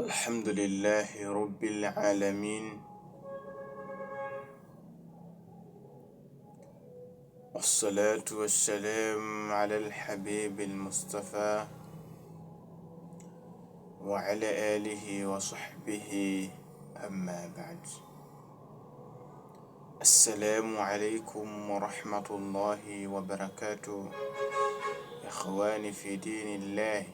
الحمد لله رب العالمين والصلاة والسلام على الحبيب المصطفى وعلى آله وصحبه أما بعد السلام عليكم ورحمة الله وبركاته إخواني في دين الله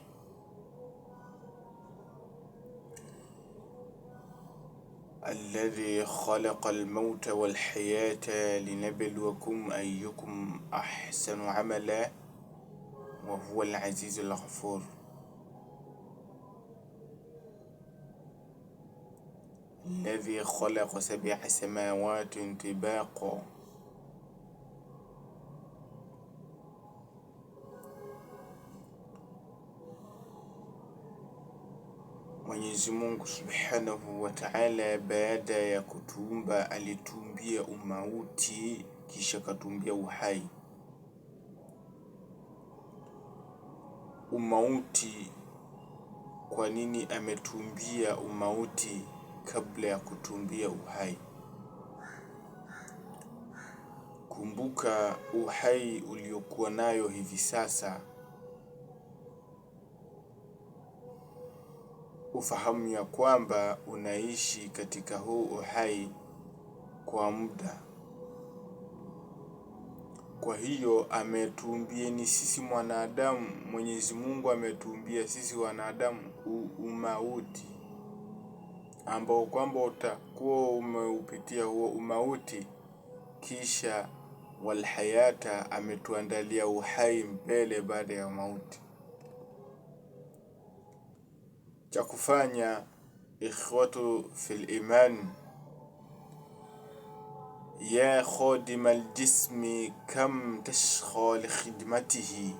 الذي خلق الموت والحياة لنبلوكم أيكم أحسن عملا وهو العزيز الغفور الذي خلق سبع سماوات طباقا Mwenyezi Mungu Subhanahu wa Ta'ala baada ya kutuumba alituumbia umauti, kisha katuumbia uhai. Umauti, kwa nini ametuumbia umauti kabla ya kutuumbia uhai? Kumbuka uhai uliokuwa nayo hivi sasa ufahamu ya kwamba unaishi katika huu uhai kwa muda. Kwa hiyo ni sisi mwanadamu, Mwenyezi Mungu ametuumbia sisi wanadamu umauti ambao kwamba utakuwa umeupitia huo umauti, kisha walhayata ametuandalia uhai mbele baada ya mauti. cha kufanya ikhwatu fil iman يا خادم الجسم كم تشخى لخدمته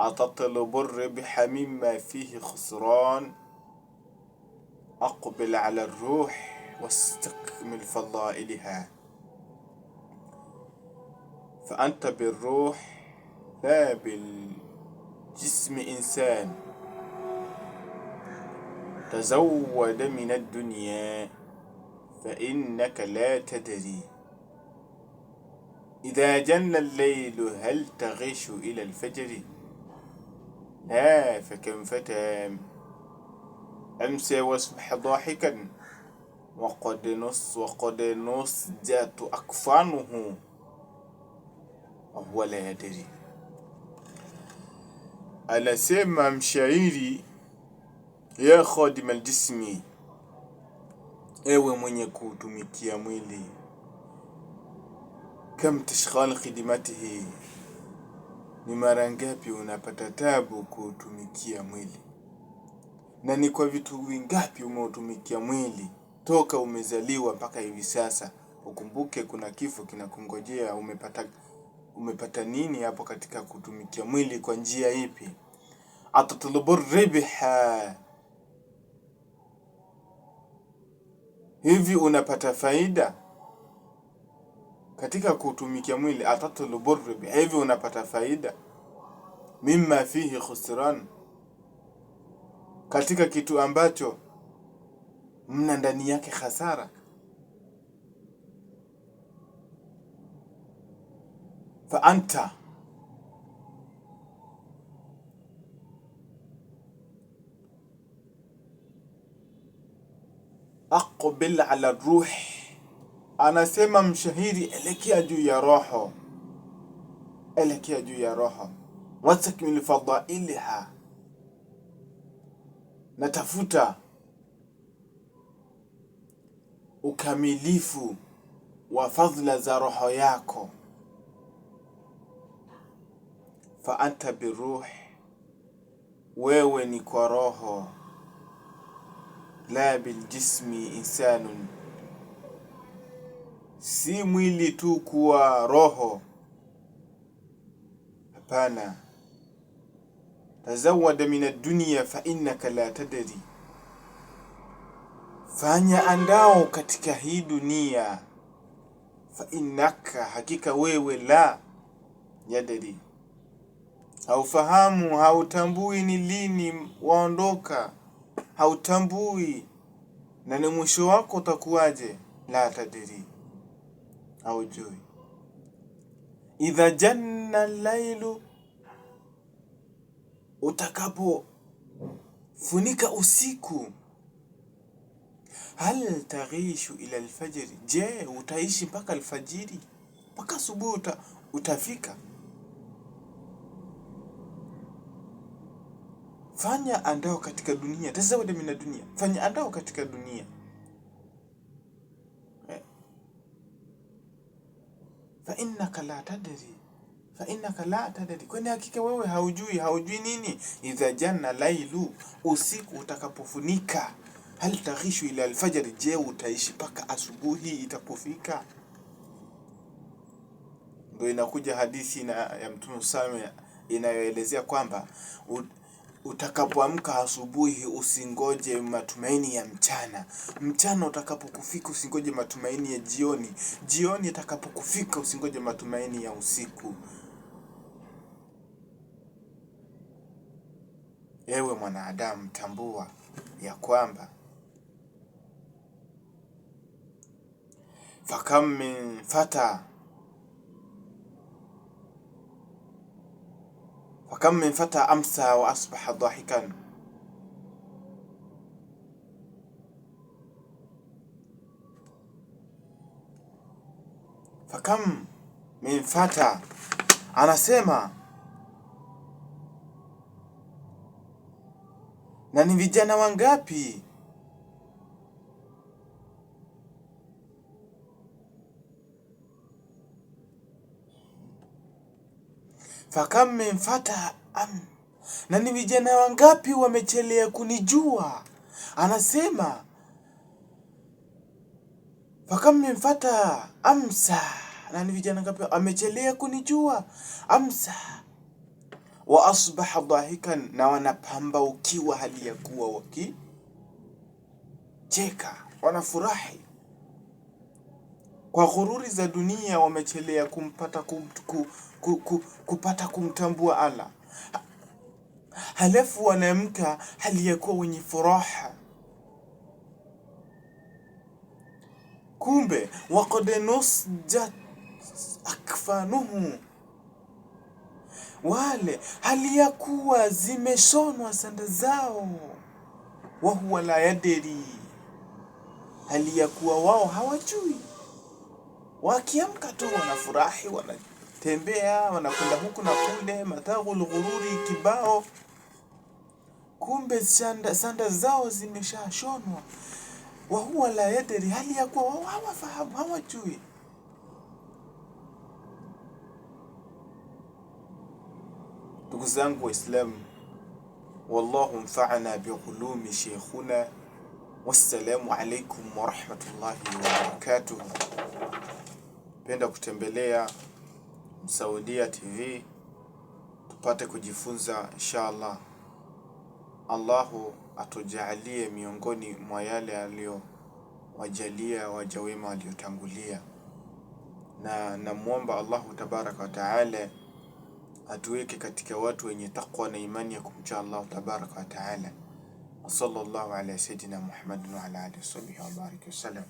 أتطلب الربح مما فيه خسران أقبل على الروح واستكمل فضائلها فأنت بالروح لا بالجسم إنسان تزود من الدنيا فإنك لا تدري إذا جن الليل هل تغش إلى الفجر لا فكم فتى أمسى واصبح ضاحكا وقد نص وقد جات أكفانه وهو لا يدري سيما mshairi ye khodi jismi, ewe mwenye kuutumikia mwili. Kam khidimati khidmatihi, ni mara ngapi unapata tabu kuutumikia mwili? Na ni kwa vitu vingapi umeutumikia mwili toka umezaliwa mpaka hivi sasa? Ukumbuke kuna kifo kinakungojea. Umepata, umepata nini hapo katika kutumikia mwili? Kwa njia ipi? atatlubu ribiha hivi unapata faida katika kutumikia mwili, atatlubu riba, hivi unapata faida mima fihi khusran, katika kitu ambacho mna ndani yake hasara. fa anta billa ala ruhi, anasema mshahidi, elekea juu ya roho, elekea juu ya roho. Watakmil fadailiha, natafuta ukamilifu wa fadhila za roho yako. Fa anta biruh, wewe ni kwa roho la biljismi insanun, si mwili tu kuwa roho. Hapana, tazawada min ad fa innaka la tadri, fanya andao katika hii dunia, fa innaka, hakika wewe la yadri, haufahamu hautambui ni lini waondoka hautambui na ni mwisho wako utakuwaje? La tadiri, haujui. Idha janna lailu, utakapofunika usiku. Hal taghishu ila alfajiri, je, utaishi mpaka alfajiri, mpaka asubuhi utafika? Fanya andao katika dunia, tazama demi na dunia, fanya andao katika dunia eh. innaka la tadri, innaka la tadri, kwani hakika wewe haujui, haujui nini? Idha janna lailu, usiku utakapofunika, hal taghishu ila alfajr, je utaishi mpaka asubuhi itapofika? Ndo inakuja hadithi na ya Mtume salme inayoelezea kwamba Utakapoamka asubuhi usingoje matumaini ya mchana. Mchana utakapokufika usingoje matumaini ya jioni. Jioni itakapokufika usingoje matumaini ya usiku. Ewe mwanadamu tambua ya kwamba fakamme fata وكم من فتى أمسى وأصبح ضاحكا fakam min fata anasema, na ni vijana wangapi fakamemfata am, na ni vijana wangapi wamechelea kunijua? Anasema fakamemfata amsa, na ni vijana wangapi wamechelea kunijua? Amsa wa asbaha dhahikan, na wanapamba ukiwa hali ya kuwa wakicheka, wanafurahi kwa ghururi za dunia, wamechelea kumpata kumtuku ku, ku, kupata kumtambua Allah. Halafu wanaamka hali ya kuwa wenye furaha. Kumbe waqad nusjat akfanuhu, wale hali ya kuwa zimeshonwa sanda zao. Wahuwa la yaderi, hali ya kuwa wao hawajui. Wakiamka tu wanafurahi wana tembea, wanakwenda huku na kule, matagul ghururi kibao, kumbe sanda, sanda zao zimeshashonwa. huwa la yadri, hali ya kuwa wao hawafahamu, hawajui Ndugu zangu Waislamu, wallahu mfaana biulumi sheikhuna. Wassalamu alaikum warahmatullahi wabarakatuh. Penda kutembelea Msaudia TV tupate kujifunza inshallah. Allahu atujalie miongoni mwa yale aliyowajalia waja wema waliotangulia, na namwomba Allahu tabaraka wa taala atuweke katika watu wenye taqwa na imani ya kumcha Allahu tabaraka wa taala. Wa sallallahu ala sayidina Muhammad wa ala alihi wasahbihi wabariki wasallam.